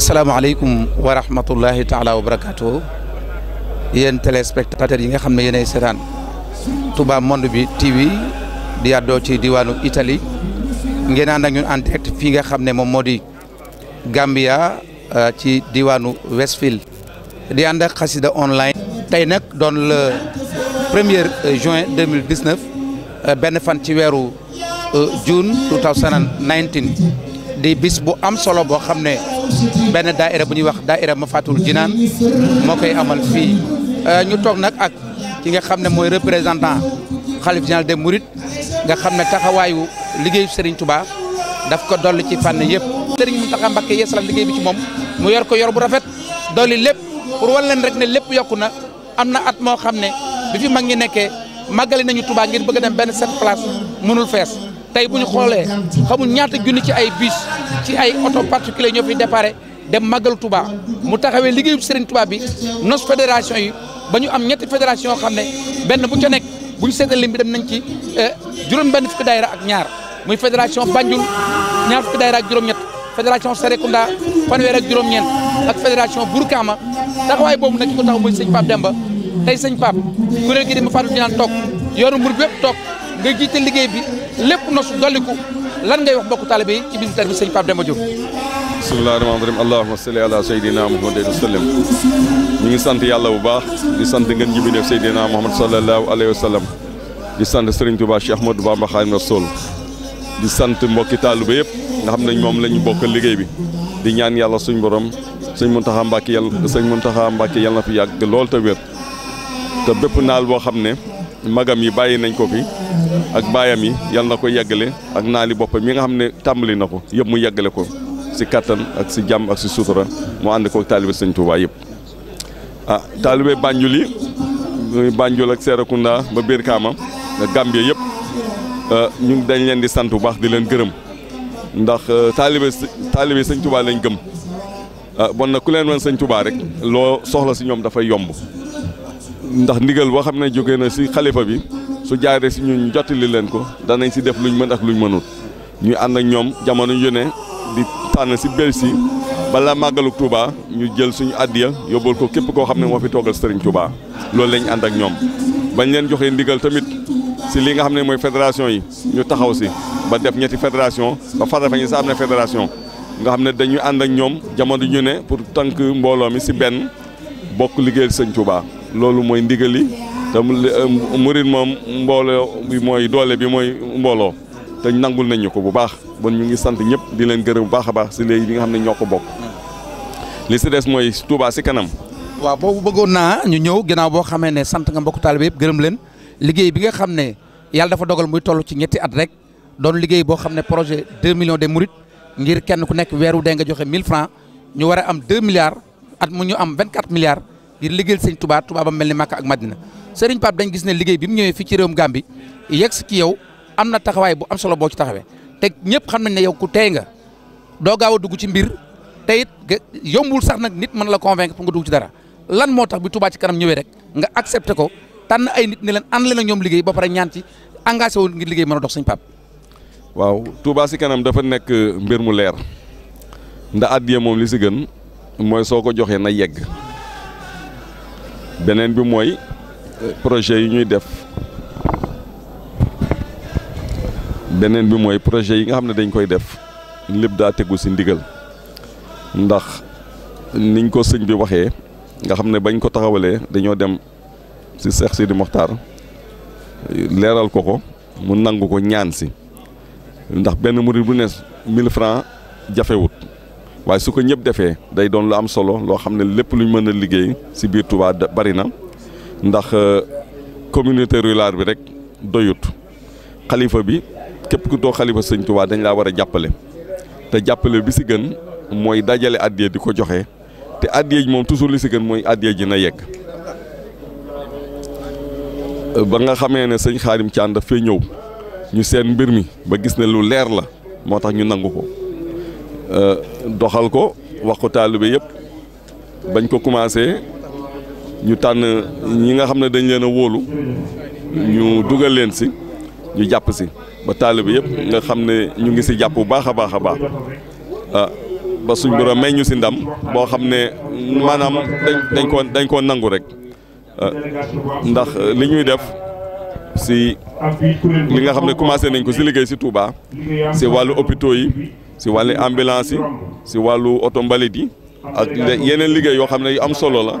السلام عليكم ورحمة الله wa barakaatu yéen téléspectateurs yi nga xam ne yéenay seetaan Touba Monde bi TV di àddoo ci diwaanu Italie ngeen ànd ak ñun en direct fii nga xam ne moom Gambia ci diwaanu Westfield di ànd ak xasida online. tey nag doon le premier juin 2019 benn fan ci weeru June 2019 di bis bu am solo boo xam benn daa daaira bu ñuy wax daa daaira ma fatul jinaan moo koy amal fii euh, ñu toog nag ak ki nga xam ne mooy représentant xalif général des mourides nga xam ne taxawaayu liggéeyu Serigne Touba daf ko dolli ci fànn yëpp Serigne Mountakha Mbacké yeesalam liggéey bi ci moom mu yor ko yor bu rafet dolli lépp pour wan leen rek ne lépp yokku na am na at moo xam ne bi fi mag ñi nekkee màggali nañu Touba ngir bëgg a dem benn sept place mënul fees tey bu ñu xoolee xamul ñaata ju ci ay bus ci ay oto particulier ñoo fi déparé dem màggal Touba mu taxawee liggéeyu Serigne Touba bi nos fédération yi ba ñu am ñetti fédération yoo xam ne benn bu ca nekk bu ñu seetal lim bi dem nañ ci eh, juróom benn fukki daayira ak ñaar muy fédération Banjul ñaar fukki daayira ak juróom-ñett fédération Serekunda fanweer ak juróom-ñeent ak fédération Burkama taxawaay boobu nag ki ko tax muy sëñ Pape Demba tey sëñ Pape kuréel gi di ma fàttali ñu naan yoonu mbir bépp toog nga liggéey bi lépp lan ngay wax mbokku taalibe yi ci ministère bi sëñ Pape Demba Diop bismillahi rahmaani rahim allahumma salli ala sayyidina muhammadin wa sallam ngi sant yàlla bu baax di sant ngeen ji bi def sayyidina muhammad sallallahu alayhi wa sallam di sant Serigne Touba Cheikh Ahmadou Bamba Khadimu Rasuul di sant mbokki taalibe yëpp nga xam ne moom la bokk liggéey bi di ñaan yàlla suñ borom sëñ Muntaxa Mbàkke yàlla sëñ taxa Mbàkke yal na fi yàgg lool te wér te bépp naal boo xam ne magam yi bàyyi nañ ko fi ak baayam yi yal na ko yeggale ak naali boppam yi nga xam ne tàmbali na ko yëpp mu yeggale ko si kàttan ak si jàmm ak si sutura mu ànd ko taalibe sëñ Tuubaa yëpp. ah taalibe yi muy Banjul ak Serekunda ba biir Kaama ak Gambie yëpp ah, ñu dañ leen di sant bu baax di leen gërëm ndax ah, taalibe taalibe Tuubaa lañ gëm ah, bon na ku leen wan sëñ Tuubaa rek loo soxla si ñoom dafay yomb. ndax ndigal boo xam ne jóge na si xalifa bi su jaaree si ñu jottali leen ko danañ si def luñ mën ak luñ mënut ñu ànd ak ñoom jamono yu ne di tànn si bel si balaa màggalu Touba ñu jël suñu addiya yóbbul ko képp koo xam ne moo fi toogal Serigne Touba loolu lañ ànd ak ñoom bañ leen joxee ndigal tamit si li nga xam ne mooy fédération yi ñu taxaw si ba def ñetti fédération ba Farafeññi sa am na fédération nga xam ne dañuy ànd ak ñoom jamono ñu ne pour tànk mbooloo mi si benn bokk liggéeyal sëñ Touba loolu mooy ndigali te euh, murit moom mbooloo bi mooy doole bi mooy mbooloo te nangul nañ ñu ko bu baax bon ñu ngi sant ñëpp di leen gërëm bu baax a baax si léegi bi nga xam ne ñoo ko bokk li si des mooy Touba si kanam. waaw boobu bëggoon naa ñu ñëw ginnaaw boo xamee ne sant nga mbokk taalibe yëpp gërëm leen liggéey bi nga xam ne yàlla dafa dogal muy toll ci ñetti at rek doon liggéey boo xam ne projet 2 millions de mourides ngir kenn ku nekk weeru wu dee nga joxe mille francs ñu war a am 2 milliards. at mu ñu am 24 milliards di liggéeyal sëñ Touba Touba ba mel ni Makka ak Madina sëriñ Pape dañ gis ne liggéey bi mu ñëwee fii ci réewum Gambie yegg si yow am na bu am solo boo ci te ñëpp xam nañ ne yow ku nga doo gaaw dugg ci mbir te it yombul sax nag nit mën la convaincre pour nga dugg ci dara lan moo tax bi Touba ci kanam rek nga accepté ko tànn ay nit nelen leen ànd leen ak ñoom liggéey ba pare ñaan ci engagé wow ngir liggéey mën dox sëñ Pape. waaw Touba kanam dafa nekk mbir mu leer li gën. mooy soo ko joxee na yegg beneen bi mooy euh, projet yi ñuy def beneen bi mooy projet yi nga xam ne dañ koy def lépp daa tegu ci ndigal ndax niñ ko sëñ bi waxee nga xam ne bañ ko taxawalee dañoo dem ci Seex Sidi Moxtaar leeral ko ko mu nangu ko ñaan si ndax benn murid bu ne 1000 francs jafewut waaye su ko ñëpp defee day doon lu am solo loo xam ne lépp luñ mën a liggéey si biir Touba bari na ndax euh, communauté rurale bi rek doyut xalifa bi képp ku doo xalifa sëñ Touba dañ laa war a jàppale te jàppale bi si gën mooy dajale addiya di ko joxe te addiya ji moom toujours li si gën mooy addiya ji na yegg euh, ba nga xamee ne sëñ Xaadim Caan daf ñëw ñu seen mbir mi ba gis ne lu leer la moo tax ñu nangu ko euh, doxal ko wax ko taalibe yëpp bañ ko commencé ñu tànn ñi nga xam ne dañ leen a wóolu ñu dugal leen si ñu jàpp si ba taalibe yëpp nga xam ne ñu ngi si jàpp bu baax a baax a baax ah, ba suñ borom may si ndam boo xam ne maanaam dañ dañ dañ koo nangu rek ah, ndax li ñuy def si li nga xam ne commencé nañ ko si liggéey si Touba si wàllu hôpitaux yi. si wàllu ambulance yi si wàllu oto mbalit yi ak yeneen liggéey yoo xam ne yu am solo la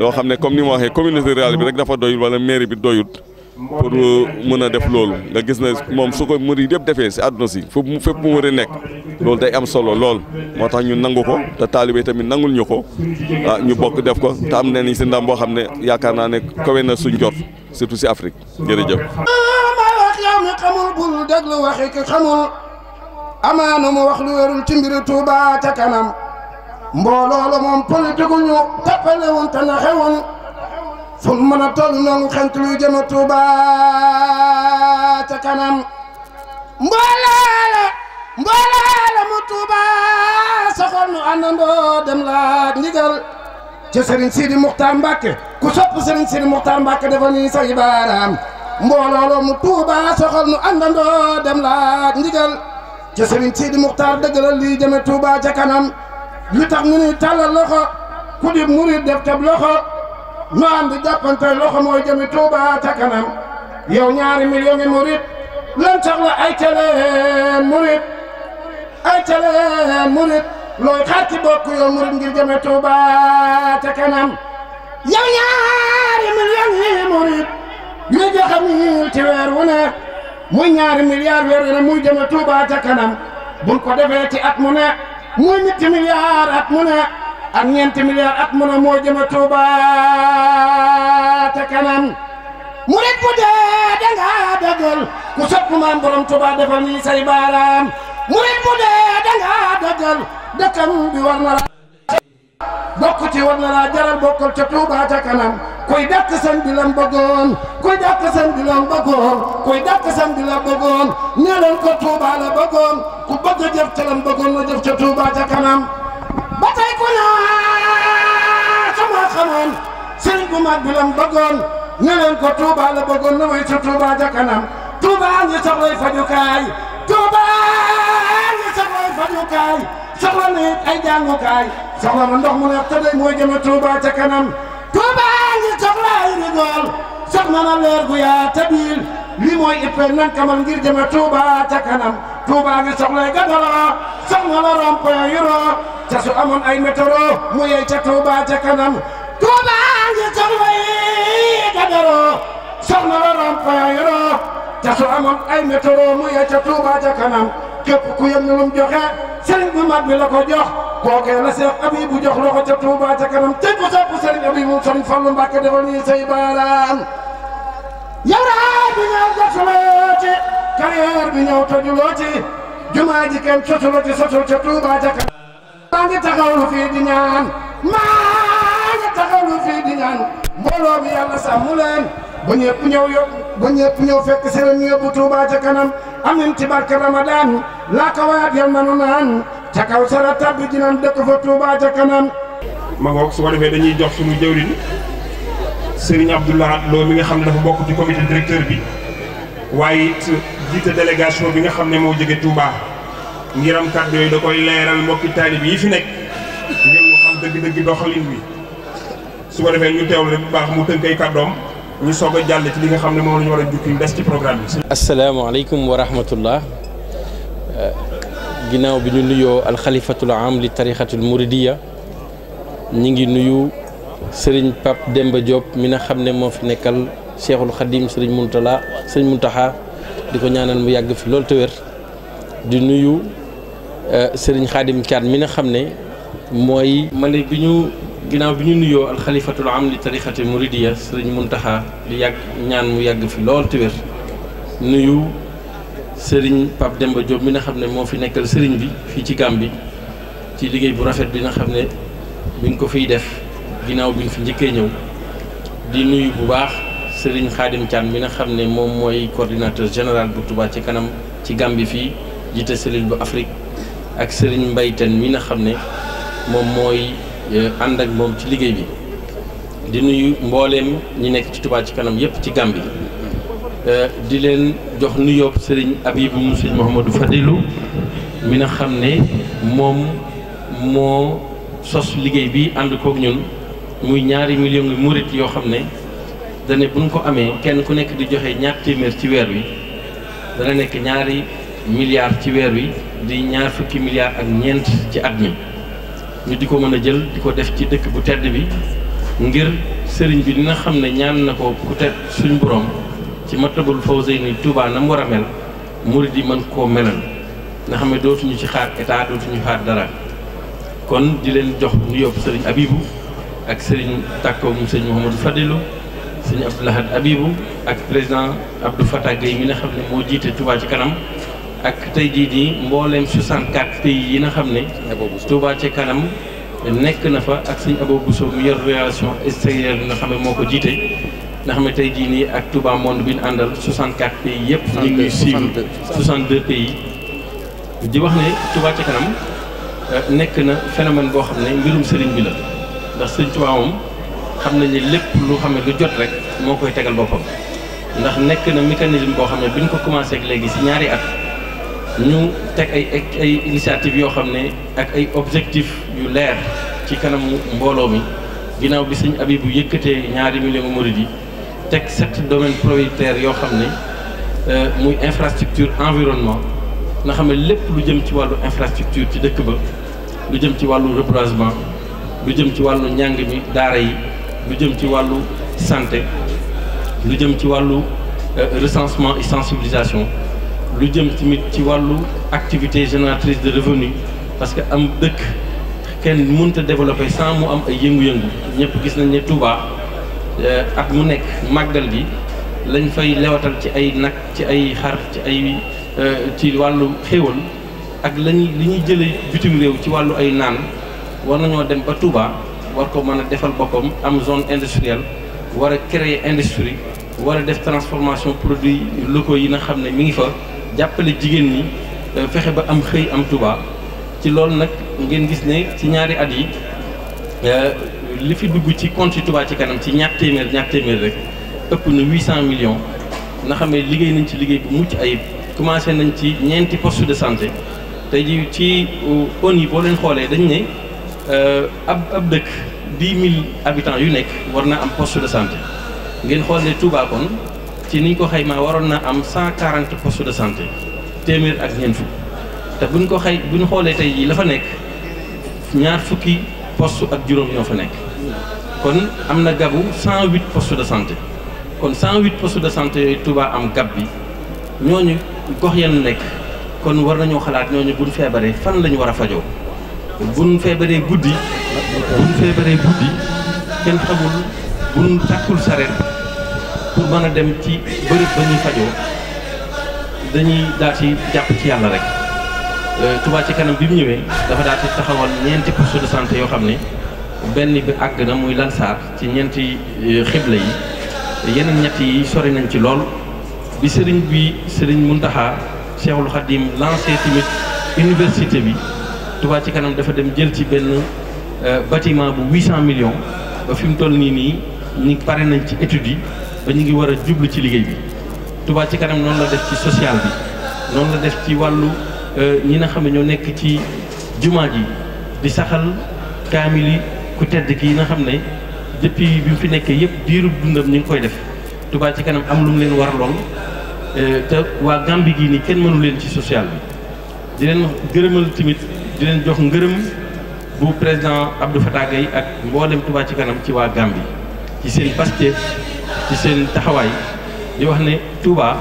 yoo xam ne comme ni ma waxee communauté rurale bi rek dafa doyut wala mairie bi doyut pour mën a def loolu nga gis ne moom su ko yi yëpp defee si àdduna si fépp mu fépp mu war a nekk loolu day am solo lool moo tax ñu nangu ko te taalibe tamit nangul ñu ko ah ñu bokk def ko te am nañ si ndam boo xam ne yaakaar naa ne kawe na suñ jot surtout si Afrique jërëjëf. xamul bul amaanu mu wax lu wérul ci mbiru ca kanam mbooloo la moom politique ñu tappale woon te naxe woon fu a toll noonu xent luy jëme Touba ca kanam mbooloo la mbooloo nu àndandoo dem laaj ndigal ci Serigne Sidi Muxtaar Mbàkke ku sopp Serigne Sidi Muxtaar Mbàkke dafa nii say baaraam mbooloo nu àndandoo dem laaj ndigal ci Serigne Sidi Muxtaar dëgg la lii jëme Touba ca kanam li tax ñu nuy tàllal loxo ku di murid def tab loxo nu ànd jàppante loxo mooy jëme Touba ca kanam yow ñaari million yi murid looy xaar ci bokk yow ngir jëme Touba ca kanam yow ñaari million yi murid ñu joxe mil ci weer wu ne muy ñaari milliards weer yu ne muy jëme Touba ko defee ci at mu ne muy ñetti milliards at mu ak ñeenti milliards at mu ne moo jëme Touba ca mu rek bu dee dangaa dëggal ku sopp maam borom Touba defal nii say baaraam mu rek bu dee dangaa dëggal dëkkam bi war na la bokk ci war na kuy dàq sam di lam bëggoon kuy dàq sam di lam bëggoon kuy dàq sam di lam bëggoon nee leen ko Touba la bëggoon ku bëgg a jëf ca lam bëggoon na jëf ca Touba ca kanam ba tey ku naa xamaa xamoon sëriñ bu mag bi lam bëggoon nee leen ko Touba la bëggoon na way ca Touba ca kanam Touba ñu soxlay fajukaay Touba ñu soxlay fajukaay soxla na it ay jàngukaay soxla na ndox mu neex te day mooy jëme Touba ca kanam Touba tax laay rigool sax na na leer gu yaa tabiil lii mooy ippeel nan kamal ngir jëme Touba ca kanam Touba ngi soxlay gadara sax na la rond-point yuroo ca su amoon ay métro mu yey ca Touba ca kanam Touba ngi soxlay gadara sax na la rond-point yuroo ca su amoon ay métro mu yey ca Touba ca kanam képp ku yem ni lum joxe sëriñ bu mag bi la ko jox kookee la Cheikh Abibou jox loxo ca Touba ca kanam teg ko sàpp Serigne Abibou Serigne Fallou Mbacke defal nii say baaraan yaraa bi ñëw jotuloo ci bi ñëw tojuloo ci jumaa ji kenn sotuloo ci ca Touba ca kanam maa ngi taxawlu fii di ñaan maa ngi taxawlu fii di ñaan mbooloo mi yàlla sàmm leen ba ñëpp fekk si leen ñu ca kanam amin barke Ramadan laa ko waat yal ca kaw sara tàbbi jinan dëkk fa Touba ca kanam ma ngoog su ko defee dañuy jox suñu jëwriñ Serigne Abdoulaye Lo mi nga xam dafa bokk ci comité directeur bi waaye it jiite bi nga xam ne moo jóge Touba ngiram kàddu yooyu da koy leeral mbokki taalib fi nekk dëgg-dëgg doxalin wi su ko defee ñu teewlu rek bu baax mu tënkay kàddoom ñu soog a jàll ci li nga xam ne moom la ñu war a jukki des ci programme bi. asalaamaaleykum wa rahmatullah ginaaw bi ñu nuyoo alxalifatul am li al muridiya ñi ngi nuyu sëriñ pap Demba job mi nga xam ne moo fi nekkal cheikhul xadim sëriñ Muntala sëriñ Muntaxa di ko ñaanal mu yàgg fi loolu te wér di nuyu sëriñ xaadim Thiam mi nga xam ne mooy. ma ne bi ñu ginaaw bi ñu nuyoo alxalifatul am li al muridiya sëriñ Muntaxa di yàgg ñaan mu yàgg fi lool te wér nuyu. sëriñ Pape Demba Diop mi nga xam ne moo fi nekkal sëriñ bi fii ci Gàmbi ci liggéey bu rafet bi nga xam ne mi ngi ko fiy def ginnaaw bi ñu fi njëkkee ñëw di nuyu bu baax sëriñ Khadim Thiam mi nga xam ne moom mooy coordinateur général bu Touba ci kanam ci Gàmbi fii jiite cellule bu Afrique ak sëriñ Mbaye Tène mi nga xam ne moom mooy euh, ànd ak moom ci liggéey bi di nuyu mbooleem ñi nekk ci Touba ci kanam yépp ci Gàmbi Euh, di leen jox nuyoo sëriñ Abibu mu sëriñ Mouhamadou Fadilou mi nga xam ne moom moo sos liggéey bi ànd kook ñun muy ñaari million ngi murit yoo xam ne dane bu ñu ko amee kenn ku nekk di joxe ñaar téeméer ci weer wi dana nekk ñaari milliards ci weer wi di ñaar fukki milliards ak ñeent ci at mi ñu di ko mën a jël di ko def ci dëkk bu tedd bi ngir sëriñ bi dina xam ne ñaan na ko ku tedd suñu borom ci Matlabul Fawzayni Touba na mu war a mel murid yi mën koo melal nga xam ne dootuñu ci xaar état dootuñu xaar dara kon di leen jox nu yóbbu sëriñ Abibu ak sëriñ Tàkko mu sëriñ Mouhamadou Fadilou sëriñ Abdoulahad Abibu ak président Abdou Fatah Gueye yi nga xam ne moo jiite Touba ci kanam ak tey jii nii mbooleem 64 pays yi nga xam ne Touba ci kanam nekk na fa ak sëriñ Abou Bousso mu yor relation extérieure nga xam ne moo ko jiite ndax ma tey jii nii ak Touba monde bi ñu àndal 64 pays yëpp. 62 ñu ngi ñuy suivre 62 pays. di wax ne Touba ca kanam euh, nekk na phénomène boo xam ne mbirum sëriñ bi la ndax sëriñ Touba moom xam nañ ne lépp lu xam ne lu jot rek moo koy tegal boppam. ndax nekk na mécanisme boo xam ne bi ñu ko commencé ak léegi si ñaari at ñu teg ay ay initiative yoo xam ne ak ay objectif yu leer ci kanamu mbooloo mi ginnaaw bi sëñ Abibu yëkkatee ñaari million murid yi tek sept domaines prioritaires yoo xam ne euh, muy infrastructure environnement nga xam ne lépp lu jëm ci wàllu infrastructure ci dëkk ba lu jëm ci wàllu reboisement lu jëm ci wàllu njàng mi daara yi lu jëm ci wàllu santé lu jëm ci wàllu euh, recensement et sensibilisation lu jëm tamit ci wàllu activité génératrice de revenus parce que am dëkk kenn mënut a développer sans mu am ay yëngu-yëngu ñëpp gis nañ ne Touba ak mu nek magal bi lañ fay lewatal ci ay nak ci ay xar ci ay ci walu xéwal ak lañ liñu jëlé bitim rew ci walu ay nan war nañu dem ba Touba war ko mëna defal boppam am zone industrielle war créer industrie war def transformation produit locaux yi nga xamné mi ngi fa jàppale jigen ñi fexe ba am xëy am Touba ci lool nak ngeen gis ne ci ñaari at yi li fi dugg ci compte Touba ci kanam ci ñaar téeméer ñaar téeméer rek ëpp na 800 millions nga xam ne liggéey nañ ci liggéey bu mucc ayib commencé nañ ci ñeenti poste de santé tey ji ci on euh, yi boo leen xoolee dañ ne euh, ab ab dëkk 10 000 habitants yu nekk war naa am poste de santé ngeen xool ne Touba kon ci niñ ko xaymaa waroon naa am 140 postes de santé téeméer ak ñeent fukk te buñ ko xay buñ xoolee tey jii la fa nekk ñaar fukki poste ak juróom ñoo fa nekk kon am na cent 108 postes de santé kon 108 post de santé yooyu Touba am gab bi ñoo ñu gox yan nekk kon war nañoo xalaat ñooñu buñ feebaree fan la ñu war a fajoo buñ feebaree guddi buñ feebaree guddi kenn xamul buñ tàkkul sareet pour mën a dem ci bërëb ba ñuy fajoo dañuy daal ci jàpp ci yàlla rek euh, Touba ci kanam bi mu ñëwee dafa daal ci taxawal ñeenti postes de santé yoo xam ne benn bi àgg na muy lansaar ci ñeenti euh, xibla yi yeneen ñett yi sori nañ ci lool bi sëriñ bi sëriñ Muntaxa Seexul Xadim lancé tamit université bi Touba ci kanam dafa dem jël ci benn euh, bâtiment bu 800 millions ba fi mu toll nii nii ñu pare nañ ci études yi ba ñu ngi war a jublu ci liggéey bi tubaa ci kanam noonu la def ci social bi noonu la def ci wàllu euh, ñi nga xam ne ñoo nekk ci jumaa ji di saxal kaamil yi ku tedd yi nga xam ne depuis bi mu fi nekkee yëpp diirub dundam ñu ngi koy def Touba ci kanam am lu mu leen war lool eh, te waa Gambie gii ni kenn mënu leen ci social bi di leen gërëmal tamit di leen jox ngërëm bu président Abdou Fatah Gaye ak mboolem Touba ci kanam ci waa Gambie ci seen pasteef ci seen taxawaay di wax ne Touba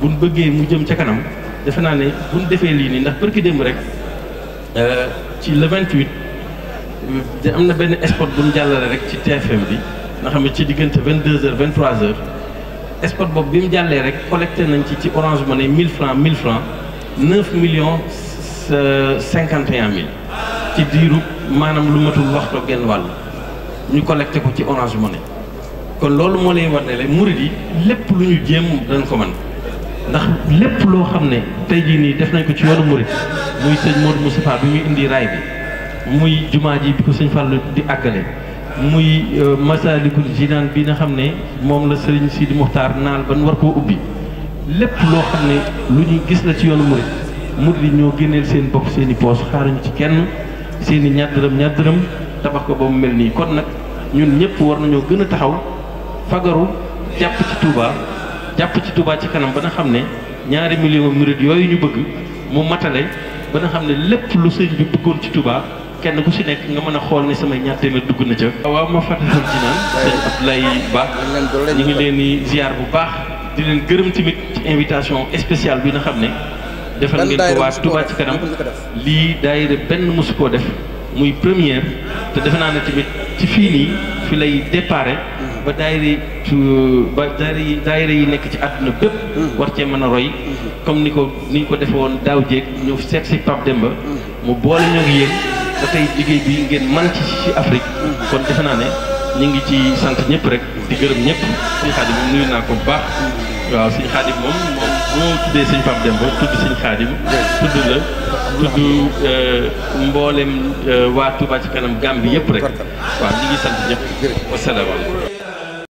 buñ bëggee mu jëm ca kanam defe naa ne buñ defee lii nii ndax bërki démb rek eh, ci le 28. te am na benn spot bu mu jàllale rek ci TFM bi nga xam ne ci diggante vingt deux heures vingt trois heures spot boobu bi mu jàllee rek collecté nañ ci ci Orange Money mille francs mille francs neuf millions euh, cinquante et un ci diiru maanaam lu matul waxtu genn wàll ñu collecté ko ci Orange Money kon loolu moo lay wane ne murid yi lépp lu ñu jéem dañ ko mën ndax lépp loo xam ne tey jii nii def nañ ko ci yoonu murid muy sëñ Modou Moustapha bi muy indi raay bi muy jumaa ji bi ko sëñ Fallou di àggale muy euh, Masaalikul Jinaan bi nga xam ne moom la sëriñ Sidi Muxtaar naal ban war koo ubbi lépp loo xam ne lu ñu gis na ci yoonu murit murit yi ñoo génneel seen bopp seeni i poos xaaruñu ci kenn seen i ñaar dërëm ñaar dërëm tabax ko ba mu mel nii kon nag ñun ñëpp war nañoo gën a taxaw fagaru jàpp ci Touba jàpp ci Touba ci kanam ba nga xam ne ñaari million murit yooyu ñu bëgg mu matale ba nga xam ne lépp lu sëñ bi ci Touba kenn ku si nekk nga mën a xool ni samay ñaar dugg na ca. waaw ma fàttali ci naan sëñ Abdoulaye Ba ñu ngi leen di ziar bu baax di leen gërëm tamit ci invitation spéciale bi nga xam ne. defal ngeen ko waa Touba ci kanam lii daayira benn mosu koo def muy première te defe naa ne tamit ci fii nii fi lay déparé. Mm-hmm. ba daayira ba daayira daayira yi nekk ci àdduna bépp. Mm-hmm. war cee mën a roy. Mm-hmm. comme ni ko niñ ko defe woon daaw jéeg ñu seet si Pape Demba. mu boole ñoo ngi ba tey liggéey bi ngeen man ci ci Afrique. kon defe naa ne ñu ngi ci sant ñëpp rek di gërëm ñëpp sëñ Xaadim nuyu naa ko bu baax. waaw sëñ Xaadim moom moom moo tuddee sëñ Pape Demba tudd sëñ Xaadim. tudd la tudd euh, mboolem euh, waa Touba ci kanam Gàmbi yëpp rek. waaw ñu ngi sant ñëpp wasalaamaaleykum.